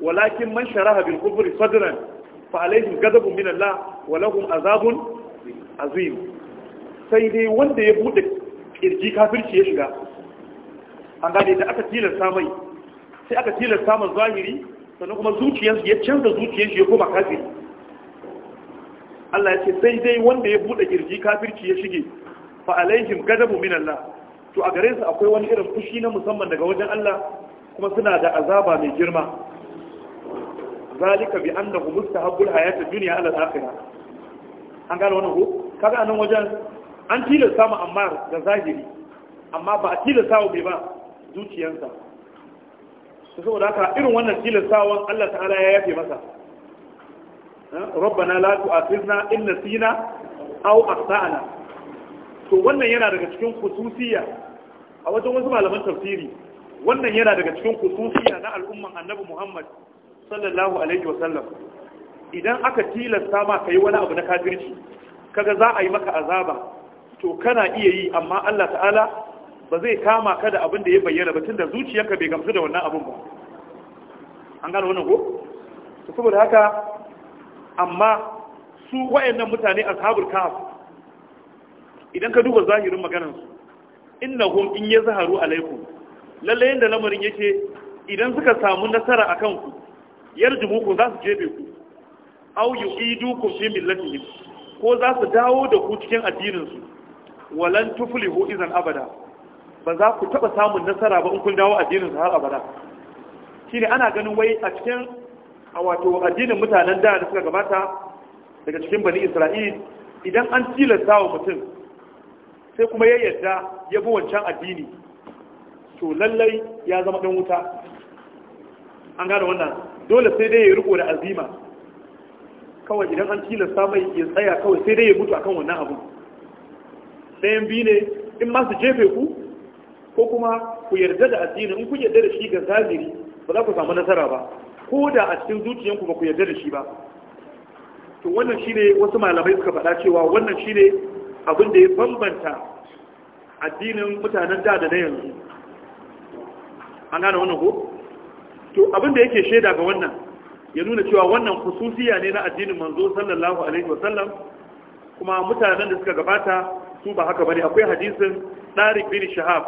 Speaker 1: walakin man sharaha bil kufri sadran fa alaihim ghadabun min Allah wa lahum azabun azim sai dai wanda ya bude kirji kafirci ya shiga an gane da aka tilasta mai sai aka tilasta mai zahiri sannan kuma zuciyarsu ya canza zuciyarsu ya koma kafiri Allah ya ce sai dai wanda ya bude girji kafirci ya shige fa alaihim gadabu min Allah to a gare su akwai wani irin fushi na musamman daga wajen Allah kuma suna da azaba mai girma zalika bi annahu mustahabbul hayatid dunya ala al-akhirah an gane wannan ko kaga anan wajen an tilasta mu amma da zahiri amma ba a tilasta mu ba zuciyarsa su saboda haka irin wannan tilastawan Allah ta'ala ya yafe masa rabbana la tu'akhizna in nasina aw akhtana to wannan yana daga cikin khususiyya a wajen wasu malaman tafsiri wannan yana daga cikin khususiyya na al'umman annabi Muhammad sallallahu alaihi wa sallam idan aka tilasta ma kai wani abu na kafirci kaga za a yi maka azaba to kana iya yi amma Allah ta'ala ba zai kama ka da abin da ya bayyana batun da zuciyarka bai gamsu da wannan abin ba an gano wannan ko to saboda haka amma su wayannan mutane ashabul kahf idan ka duba zahirin maganar su innahum in yazharu alaikum lalle yanda lamarin yake idan suka samu nasara akan ku yarjumuku za su jebe ku aw yu'idukum fi millatihim ko za su dawo da ku cikin addinin su walan tuflihu izon abada ba za ku taɓa samun nasara ba in kun dawo addinin su har abada Shi ne ana ganin wai a cikin a wato addinin mutanen da da suka gabata daga cikin bani isra'il idan an tilasta wa mutum sai kuma ya yarda ya bi wancan addini to lallai ya zama dan wuta an gane wannan dole sai dai ya riko da azima kawai idan an tilasta mai ya tsaya kawai sai dai ya mutu akan wannan abu ɗayan biyu ne in ma su jefe ku ko kuma ku yarda da addini in ku yarda da shi ga zahiri ba za ku samu nasara ba ko da a cikin zuciyanku ba ku yarda da shi ba to wannan shine wasu malamai suka faɗa cewa wannan shine abin da ya bambanta addinin mutanen da da na yanzu an gane wannan ko to abin da yake shaida ga wannan ya nuna cewa wannan khususiya ne na addinin manzo sallallahu alaihi wa sallam kuma mutanen da suka gabata su ba haka bane akwai hadisin Tariq bin Shahab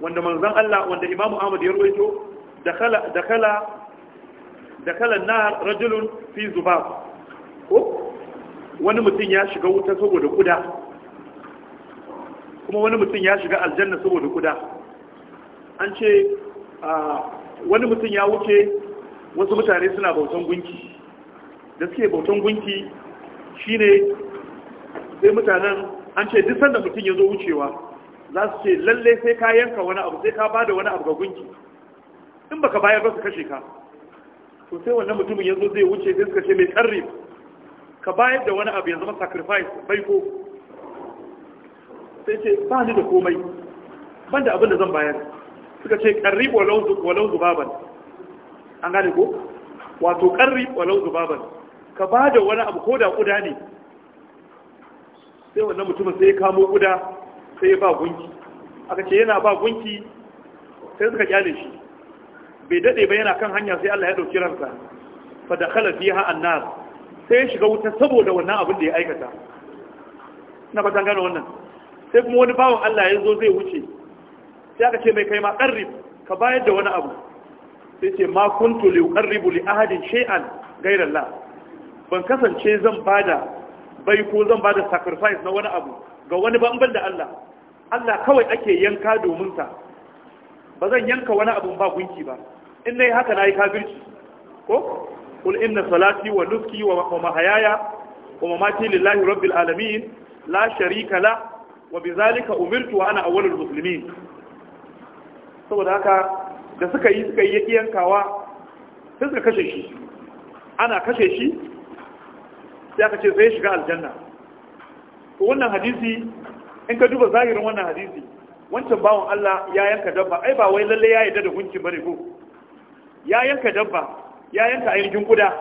Speaker 1: wanda manzon Allah wanda Imam Ahmad ya ruwaito dakala dakala dakala rajulun fi zubab wani mutum ya shiga wuta saboda kuda kuma wani mutum ya shiga aljanna saboda kuda an ce wani mutum ya wuce wasu mutane suna bautan gunki da suke bautan gunki shine sai mutanen an ce duk sanda mutum ya zo wucewa za su ce lalle sai ka yanka wani abu sai ka ba da wani abu ga gunki in baka bayar ba su kashe ka to sai wannan mutumin yanzu zai wuce sai suka ce mai tsarri ka bayar da wani abu ya zama sacrifice bai ko sai ce ba ni da komai ban da abin da zan bayar suka ce karri walau zubaban an gane ko wato karri walau zubaban ka ba da wani abu ko da kuda ne sai wannan mutumin sai ya kamo kuda sai ba gunki aka ce yana ba gunki sai suka kyale shi bai dade ba yana kan hanya sai Allah ya dauki ransa fa dakhala fiha annas sai ya shiga wuta saboda wannan abin da ya aikata na ba gano wannan sai kuma wani bawan Allah ya zo zai wuce sai aka ce mai kai ma qarrib ka bayar da wani abu sai ce ma kuntu li qarribu li ahadin shay'an ghayra Allah ban kasance zan bada bai ko zan bada sacrifice na wani abu ga wani ban da Allah Allah kawai ake yanka domin sa ba zan yanka wani abun ba gunki ba in nayi haka nayi kafirci ko qul inna salati wa nusuki wa mahayaya wa mamati lillahi rabbil alamin la sharika la wa zalika umirtu wa ana awwalul muslimin saboda haka da suka yi suka yi yankawa sai suka kashe shi ana kashe shi sai aka ce zai shiga aljanna wannan hadisi in ka duba zahirin wannan hadisi wancan bawan Allah ya yanka dabba ai ba wai lalle ya yadda da gunki bane ko ya yanka dabba ya yanka ainihin kuda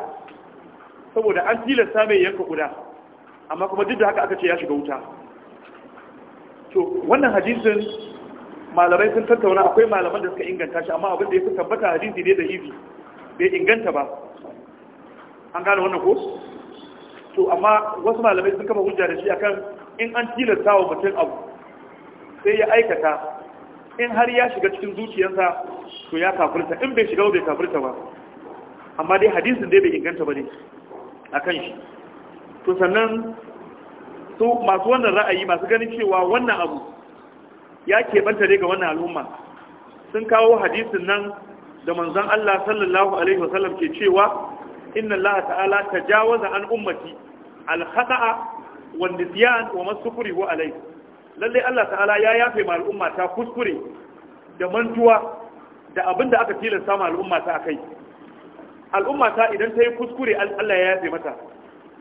Speaker 1: saboda an tilasta mai yanka kuda amma kuma duk da haka aka ce ya shiga wuta to wannan hadisin malamai sun tattauna akwai malaman da suka inganta shi amma abin da ya fi tabbata hadisi ne da izi bai inganta ba an gane wannan ko to amma wasu malamai sun kafa hujja da shi akan in an tilasta wa mutum abu sai ya aikata in har ya shiga cikin zuciyarsa to ya kafirta in bai shiga bai kafirta ba amma dai hadisin dai bai inganta ba ne a kan shi to sannan su masu wannan ra'ayi masu ganin cewa wannan abu ya keɓanta dai ga wannan al'umma sun kawo hadisin nan da manzon Allah sallallahu alaihi wasallam ke cewa inna Allah ta'ala tajawaza an ummati al-khata'a wanda siyan wa masu kuri wa alai lallai Allah ta'ala ya yafe ma al'umma ta kuskure da mantuwa da abin da aka tilasta ma al'umma ta akai al'umma ta idan ta yi kuskure Allah ya yafe mata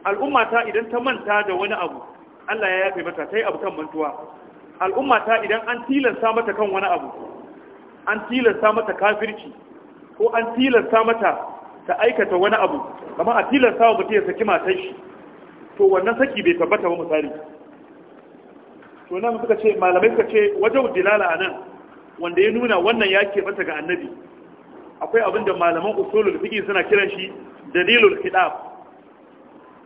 Speaker 1: al'umma ta idan ta manta da wani abu Allah ya yafe mata ta yi abu kan mantuwa al'umma ta idan an tilasta mata kan wani abu an tilasta mata kafirci ko an tilasta mata ta aikata wani abu kamar a tilasta wa mutum ya saki matar shi to wannan saki bai tabbata ba misali to nan suka ce malamai suka ce wajen dilala anan wanda ya nuna wannan ya ke bata ga annabi akwai abin da malaman usulul fiqh suna kiran shi dalilul kitab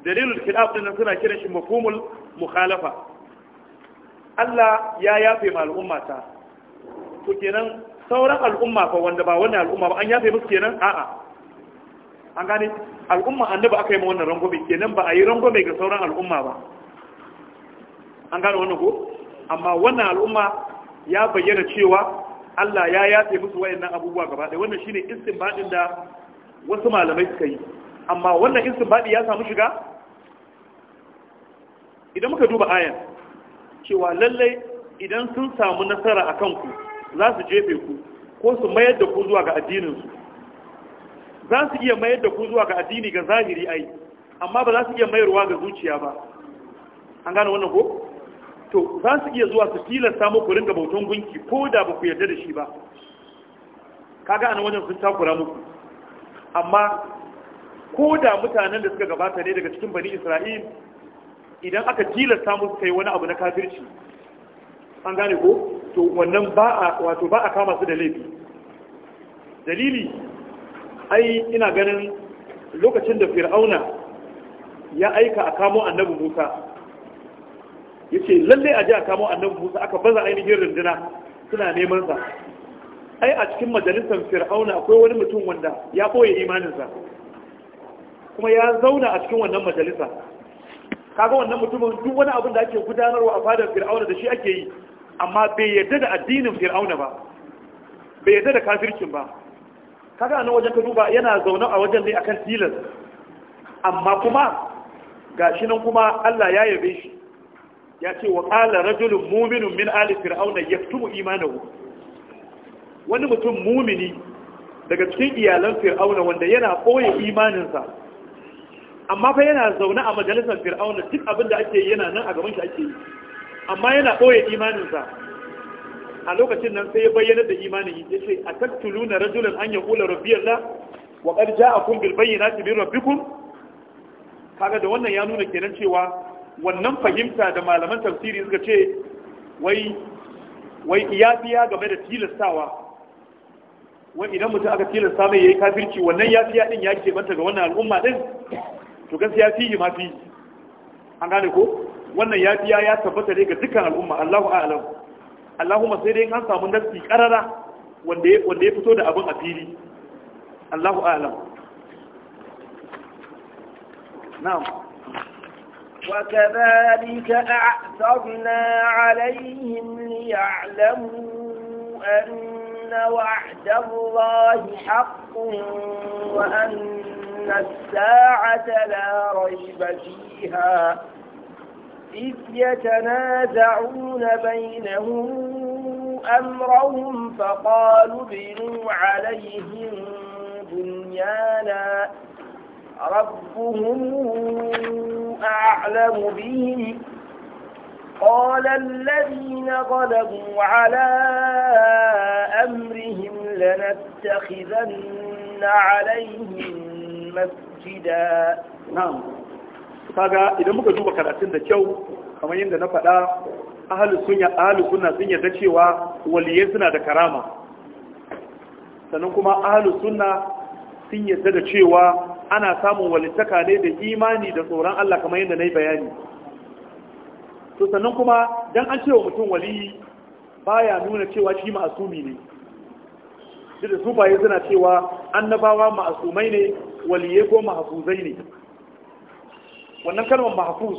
Speaker 1: dalilul kitab din suna kiran shi mafhumul mukhalafa Allah ya yafe ma al'umma ta to kenan sauran al'umma fa wanda ba wannan al'umma ba an yafe musu kenan a'a an gane al'umma annabi aka yi ma wannan rangwame kenan ba a yi rangwame ga sauran al'umma ba an gane wannan ko amma wannan al'umma ya bayyana cewa Allah ya yafe musu wayannan abubuwa gaba ɗaya wannan shine istinbadin da wasu malamai suka yi amma wannan istinbadi ya samu shiga idan muka duba ayan cewa lallai idan sun samu nasara akan ku za su jefe ku ko su mayar da ku zuwa ga addinin su za su iya mayar da ku zuwa ga addini ga zahiri ai amma ba za su iya mayarwa ga zuciya ba an gane wannan ko to za su iya zuwa su tilasta muku ga bautan gunki ko da ba ku yarda da shi ba kaga anan wajen sun takura muku amma ko da mutanen da suka gabata ne daga cikin bani isra'il idan aka tilasta musu kai wani abu na kafirci an gane ko to wannan ba a wato ba a kama su da laifi dalili ai ina ganin lokacin da fir'auna ya aika a kamo annabi musa ya ce lalle a ji a kamo annabi musa aka baza ainihin runduna suna neman sa ai a cikin majalisar fir'auna akwai wani mutum wanda ya boye imaninsa kuma ya zauna a cikin wannan majalisa kaga wannan mutumin duk wani abin da ake gudanarwa a fadar fir'auna da shi ake yi amma bai yarda da addinin fir'auna ba bai yarda da kafircin ba kaga nan wajen ka duba yana zaune a wajen dai akan tilas amma kuma gashi nan kuma Allah ya yabe shi ya ce wa qala rajulun mu'minun min ali fir'auna yaktumu imanahu wani mutum mumini daga cikin iyalan fir'auna wanda yana koye imaninsa amma fa yana zaune a majalisar fir'auna duk abin da ake yana nan a gaban shi ake yi amma yana koye imaninsa a lokacin nan sai ya bayyana da imanin ya sai a tattulu na rajulan an yaƙula rabbiyar la wa ƙar ja a kun bilbayi na tibin rabbikun kaga da wannan ya nuna kenan cewa wannan fahimta da malaman tafsiri suka ce wai wai iyafiya game da tilastawa wai idan mutum aka tilasta mai yayi kafirci wannan yafiya din ya ke banta ga wannan al'umma din to gaskiya fihi ma fi, an gane ko wannan yafiya ya tabbata ne ga dukkan al'umma Allahu a'lam Allahumma sai dai kan samu nafsi karara wanda ya fito da abin a fili Allahu a'lam
Speaker 2: na'am وكذلك أعثرنا عليهم ليعلموا أن وعد الله حق وأن الساعة لا ريب فيها إذ يتنازعون بينهم أمرهم فقالوا ابنوا عليهم بنيانا ربهم أعلم بهم قال الذين غلبوا على أمرهم لنتخذن عليهم مسجدا
Speaker 1: نعم kaga idan muka duba karatun da kyau kamar yadda na faɗa ahalu sunya ahalu sunna sun yarda cewa waliyai suna da karama sannan kuma ahalu sunna sun yarda da cewa ana samun walittaka ne da imani da tsoron Allah kamar yadda na yi bayani to sannan kuma dan an cewa mutum waliyi baya nuna cewa shi ma'asumi ne duk da baye suna cewa annabawa ma'asumai ne waliyai ko mahafuzai ne wannan kalmar mahfuz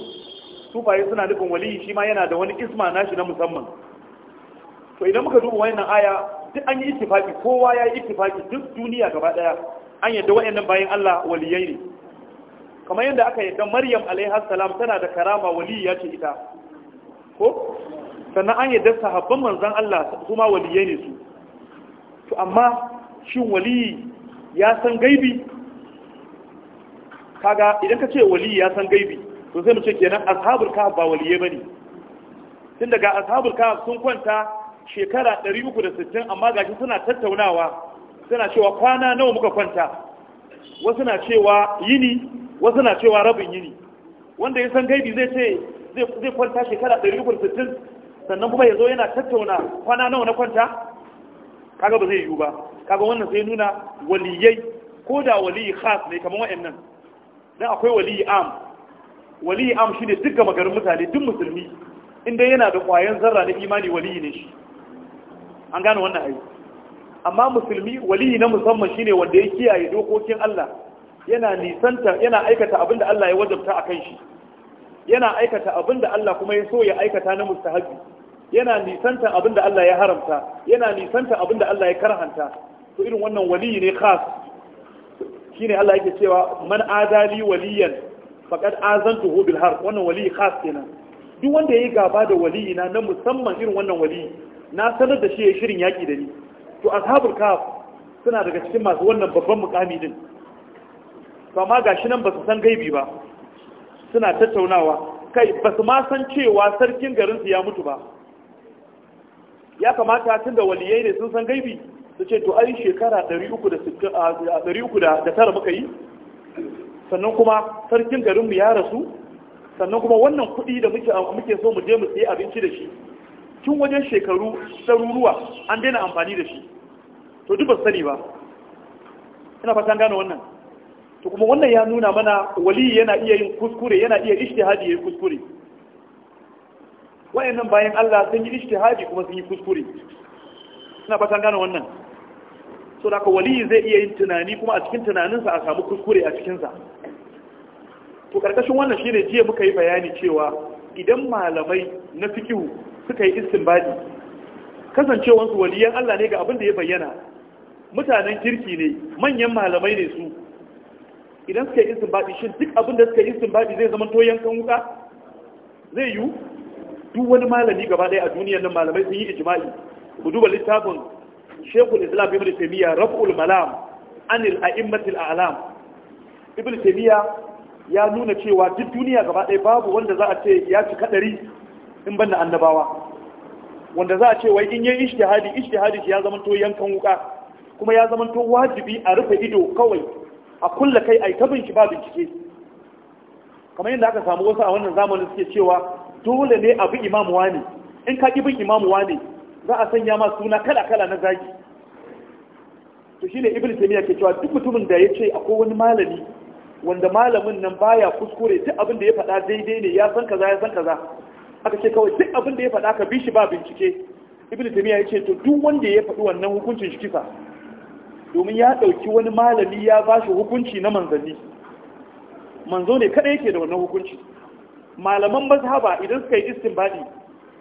Speaker 1: sufaye suna nufin waliyi shi ma yana da wani isma nashi na musamman to idan muka duba wannan aya duk an yi ittifaki kowa ya yi ittifaki duk duniya gaba daya an yadda wayannan bayan Allah waliyai ne kamar yadda aka yadda Maryam alaiha salam tana da karama ya ce ita ko sannan an yadda sahabban manzon Allah su ma waliyai ne su to amma shin waliyi ya san gaibi kaga idan ka ce wali ya san gaibi to sai mu ce kenan ashabul kahf ba waliye bane tun daga ashabul kahf sun kwanta shekara 360 amma gashi suna tattaunawa suna cewa kwana nawa muka kwanta wasu na cewa yini wasu na cewa rabin yini wanda ya san gaibi zai ce zai kwanta shekara 360 sannan kuma ya zo yana tattauna kwana nawa na kwanta kaga ba zai yiwu ba kaga wannan sai nuna waliyai ko da waliyi khas ne kamar wa'annan dan akwai waliyi am waliyi am shine duk gama garin mutane duk musulmi inda yana da kwayan zarra na imani waliyi ne shi an gane wannan ayi amma musulmi waliyi na musamman shine wanda ya kiyaye dokokin Allah yana nisanta yana aikata abin da Allah ya wajabta a kan shi yana aikata abin da Allah kuma ya so ya aikata na mustahabi yana nisanta abin da Allah ya haramta yana nisanta abinda da Allah ya karhanta to irin wannan waliyi ne khas Shi ne Allah yake cewa man adali waliyan faqad hu bil har wannan wali khas kenan duk wanda yayi gaba da waliyi na musamman irin wannan wali na sanar da shi ya shirin yaki da ni to ashabul kaf suna daga cikin masu wannan babban mukami din to amma gashi nan ba su san gaibi ba suna tattaunawa kai ba su ma san cewa sarkin garin su ya mutu ba ya kamata tunda waliyai ne sun san gaibi su ce to ai shekara 309 muka yi sannan kuma sarkin garinmu ya rasu sannan kuma wannan kuɗi da muke so mu je mu tsaye abinci da shi tun wajen shekaru ɗaruruwa an daina amfani da shi to duk ba sani ba ina fatan gane wannan to kuma wannan ya nuna mana wali yana iya yin kuskure yana iya ishtihadi yi kuskure wayannan bayan Allah sun yi ishtihadi kuma sun yi kuskure ina fatan gane wannan so da waliyi zai iya yin tunani kuma a cikin tunaninsa a samu kuskure a cikinsa to karkashin wannan shi ne jiya muka yi bayani cewa idan malamai na fikihu suka yi istinbadi kasancewansu waliyan Allah ne ga abin da ya bayyana mutanen kirki ne manyan malamai ne su idan suka yi istinbadi shin duk abin da suka yi istinbadi zai zama to yankan wuka zai yiwu duk wani malami gaba ɗaya a duniyar nan malamai sun yi ijma'i ku duba littafin shekul islam ibn taymiya raf'ul malam anil a'immatil a'lam ibn taymiya ya nuna cewa duk duniya gaba ɗaya babu wanda za a ce ya ci kadari in banda annabawa wanda za a ce wai in yi ijtihadi ijtihadi ya zama to yankan wuka kuma ya zama to wajibi a rufe ido kawai a kulle kai ai ta binci ba bincike kamar yadda aka samu wasu a wannan zamanin suke cewa dole ne a bi imamu wani in ka ki bin imamu ne. za a sanya ma suna kala-kala na zagi to shine ibn taimiyya ke cewa duk mutumin da ya ce akwai wani malami wanda malamin nan baya kuskure duk abin da ya faɗa daidai ne ya san kaza ya san kaza aka ce kawai duk abin da ya fada ka bi shi ba bincike ibn taimiyya ya ce to duk wanda ya faɗi wannan hukuncin shi kisa domin ya ɗauki wani malami ya ba shi hukunci na manzanni manzo ne kada yake da wannan hukunci malaman mazhaba idan suka yi istinbadi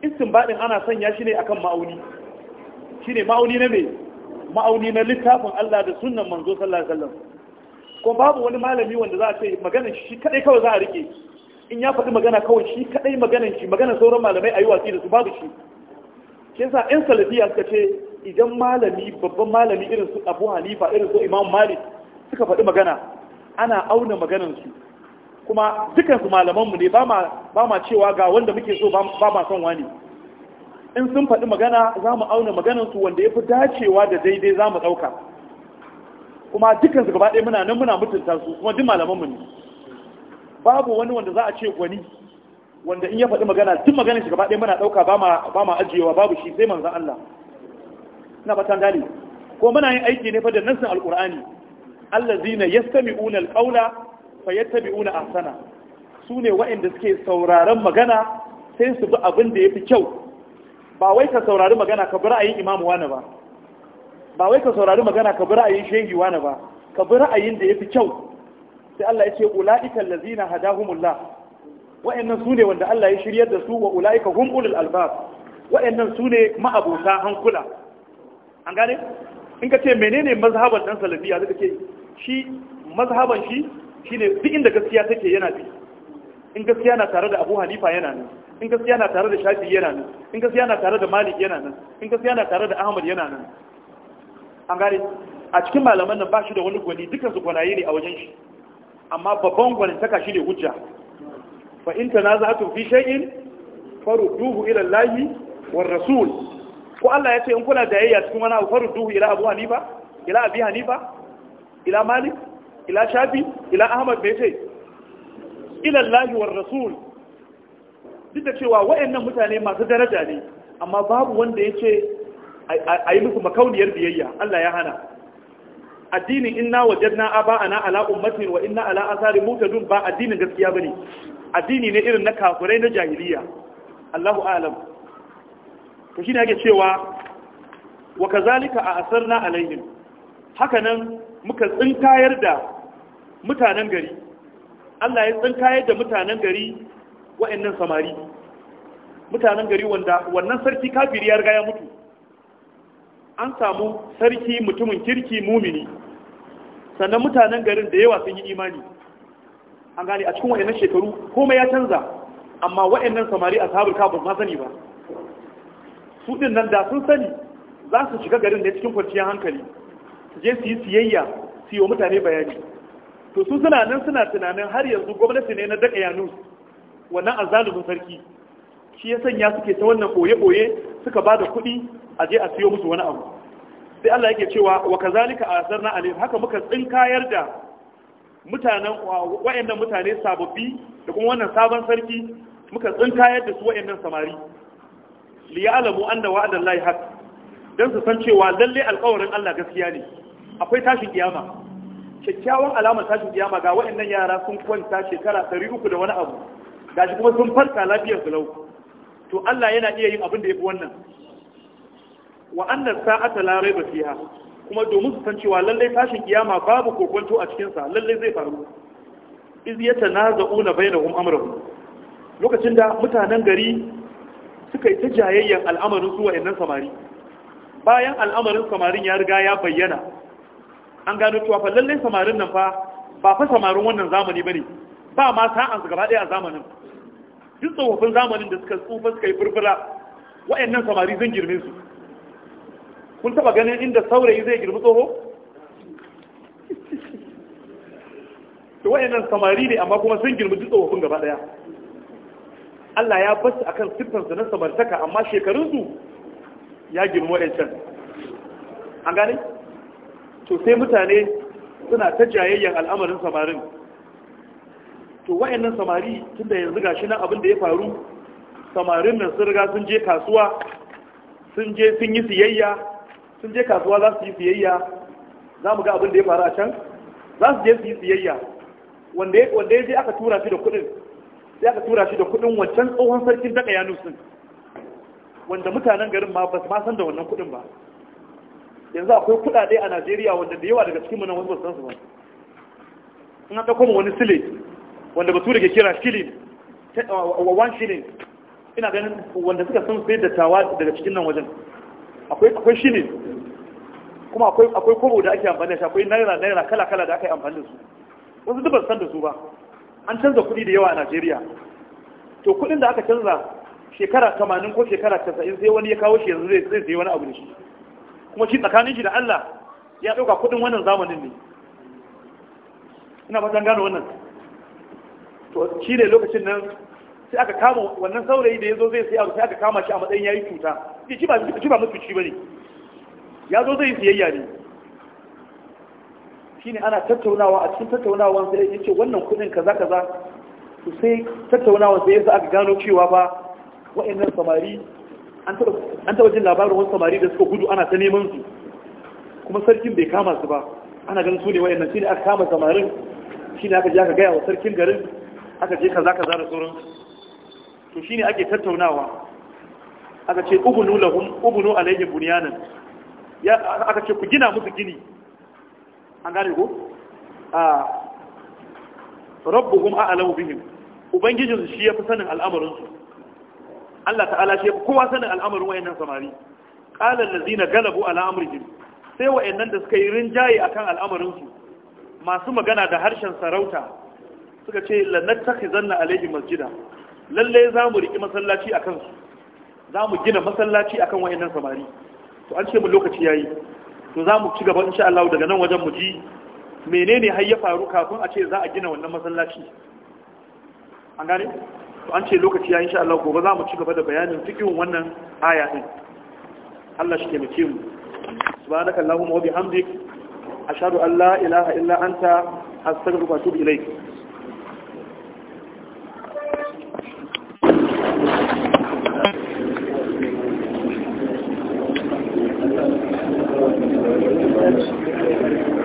Speaker 1: istinbadin ana sanya shi ne akan ma'auni Shi ne ma'auni na me ma'auni na littafin Allah da sunan manzo sallallahu alaihi wasallam ko babu wani malami wanda za a ce maganar shi kadai kawai za a rike in ya faɗi magana kawai shi kadai maganar shi maganar sauran malamai a yi watsi da su babu shi shi yasa ɗan salafiya suka ce idan malami babban malami irin su Abu Hanifa irin su Imam Malik suka faɗi magana ana auna maganar su kuma dukansu malamanmu ne ba ma cewa ga wanda muke so ba ma son wani in sun faɗi magana za mu auna maganansu wanda ya fi dacewa da daidai za mu ɗauka kuma dukansu gaba ɗaya muna nan muna mutunta su kuma duk malamanmu ne babu wani wanda za a ce gwani wanda in ya faɗi magana duk maganar shi gaba ɗaya muna ɗauka ba ma ajiyewa babu shi sai manzan Allah ina ba gane ko muna yin aiki ne fa da nassin alƙur'ani allazina yastami'una alqawla fayattabi'una ahsana su ne waɗanda suke sauraron magana sai su bi abin da ya fi kyau ba wai ka saurari magana ka bi ra'ayin imamu wani ba ba wai ka saurari magana ka bi ra'ayin shehi wani ba ka bi ra'ayin da ya fi kyau sai Allah ya ce ula'ikal ladzina hadahumullah Waɗannan su ne wanda Allah ya shiryar da su wa ula'ika hum ulul albab Waɗannan su ne ma'abota hankula an gane in ka ce menene mazhaban dan salafiya zaka ce shi mazhaban shi shine duk inda gaskiya take yana bi in gaskiya na tare da Abu Hanifa yana nan in gaskiya na tare da Shafi yana nan in gaskiya na tare da Malik yana nan in gaskiya na tare da Ahmad yana nan an gare a cikin malaman nan ba shi da wani gwani dukkan su gwanaye ne a wajen shi amma babban gwanin taka shi ne hujja fa in tanaza'tum fi shay'in farudduhu ila Allah war rasul ko Allah ya ce in kuna da yayya cikin wani abu farudduhu ila Abu Hanifa ila Abi Hanifa ila Malik ila shafi ila ahmad bai ce ila lahi war rasul duk da cewa wayannan mutane masu daraja ne amma babu wanda ya ce a yi musu makauniyar biyayya Allah ya hana addinin inna wajadna ana ala ummatin wa inna ala asari mutadun ba addinin gaskiya bane addini ne irin na kafurai na jahiliya Allahu a'lam to ne yake cewa wa kazalika a asarna alaihim nan muka tsinkayar da mutanen gari Allah ya tsinkayar da mutanen gari wa'annan samari mutanen gari wanda wannan sarki kafiri ya riga ya mutu an samu sarki mutumin kirki mumini sannan mutanen garin da yawa sun yi imani an gane a cikin wa'annan shekaru komai ya canza amma wa'annan samari a sahabar ba ma sani ba su ɗin nan da sun sani za su shiga garin da cikin kwanciyar hankali su je su yi siyayya su yi wa mutane bayani to su suna nan suna tunanin har yanzu gwamnati ne na daka yanus wannan azalumin sarki shi ya sanya suke ta wannan ɓoye-ɓoye suka ba da kuɗi a je a siyo musu wani abu sai Allah yake cewa wa kazalika asar na alif haka muka tsinkayar da mutanen wayannan mutane sababbi da kuma wannan sabon sarki muka tsinkayar da su wayannan samari li ya'lamu anna wa'da Allah haq dan su san cewa lalle alƙawarin Allah gaskiya ne akwai tashin kiyama kyakkyawan alamar tashin kiyama ga waɗannan yara sun kwanta shekara ɗari uku da wani abu gashi kuma sun farka lafiyar lau to Allah yana iya yin abin da ya fi wannan wa annas sa'ata la raiba fiha kuma domin su san cewa lallai tashin kiyama babu kokonto a cikin sa lalle zai faru iz yatanaza'una bainahum amrahum lokacin da mutanen gari suka yi ta jayayyan al'amarin su wa'annan samari bayan al'amarin samarin ya riga ya bayyana an gano cewa fa lallai samarin nan fa ba fa samarin wannan zamani bane ba ma sa'ansu gaba ɗaya a zamanin duk tsofaffin zamanin da suka tsufa suka yi furfura waɗannan samari zan girme su kun taba ganin inda saurayi zai girmi tsoho to waɗannan samari ne amma kuma sun girmi duk tsofaffin gaba ɗaya Allah ya bashi akan siffansu na samartaka amma shekarunsu ya girmi waɗancan an gane to sai mutane suna ta jayayyan al'amarin samarin to wayannan samari tunda yanzu gashi nan abin da ya faru samarin nan sun riga sun je kasuwa sun je sun yi siyayya sun je kasuwa za su yi siyayya za mu ga abin da ya faru a can za su je su yi siyayya wanda ya je aka tura shi da kudin sai aka tura shi da kudin wancan tsohon sarkin daga yanusin wanda mutanen garin ma ba su ma san da wannan kudin ba yanzu akwai kuɗaɗe a najeriya wanda da yawa daga cikin nan wasu basu san su ba in an ɗauko wani sile wanda batu da ke kira shilin one shilin ina ganin wanda suka san sai tawa daga cikin nan wajen akwai shilin kuma akwai kobo da ake amfani da shi akwai naira naira kala kala da aka yi amfani da su wasu duk san da su ba an canza kuɗi da yawa a najeriya to kuɗin da aka canza shekara 80 ko shekara 90 sai wani ya kawo shi yanzu zai zai wani abu da shi kuma shi tsakanin shi da Allah ya ɗauka kuɗin wannan zamanin ne ina fatan gano wannan to shi ne lokacin nan sai aka kama wannan saurayi da ya zo zai sai sai aka kama shi a matsayin yayi cuta shi ba shi ba ne. bane ya zo zai siyayya ne Shi ne ana tattaunawa a cikin tattaunawa sai ya ce wannan kuɗin kaza kaza to sai tattaunawa sai ya sa aka gano cewa ba wa'annan samari an taba jin labarin wasu samari da suka gudu ana ta neman su kuma sarkin bai kama su ba ana ganin su ne wayannan ne aka kama samarin shi ne aka je aka gaya wa sarkin garin aka je kaza kaza da sauran to ne ake tattaunawa aka ce ubunu lahun ubunu alayhi bunyanan ya aka ce ku gina musu gini an gane ko a rabbuhum a'lamu bihim ubangijinsu shi ya fi sanin al'amarinsu Allah ta'ala shi kowa sanin al'amarin wayannan samari qala allazina galabu ala amrihim sai wayannan da suka yi rinjaye akan al'amarin su masu magana da harshen sarauta suka ce lanattakhizanna alayhi masjida lalle za mu riki masallaci akan su za mu gina masallaci akan wayannan samari to an ce mu lokaci yayi to za mu ci gaba insha Allah daga nan wajen mu ji menene har ya faru kafin a ce za a gina wannan masallaci an gane an ce lokaci ya insha Allah gobe za mu ci gaba da bayanin cikin wannan aya din Allah shi taimake mu subhanaka allahumma wa bihamdik ashhadu an la ilaha illa anta astaghfiruka wa atubu ilayk Thank you.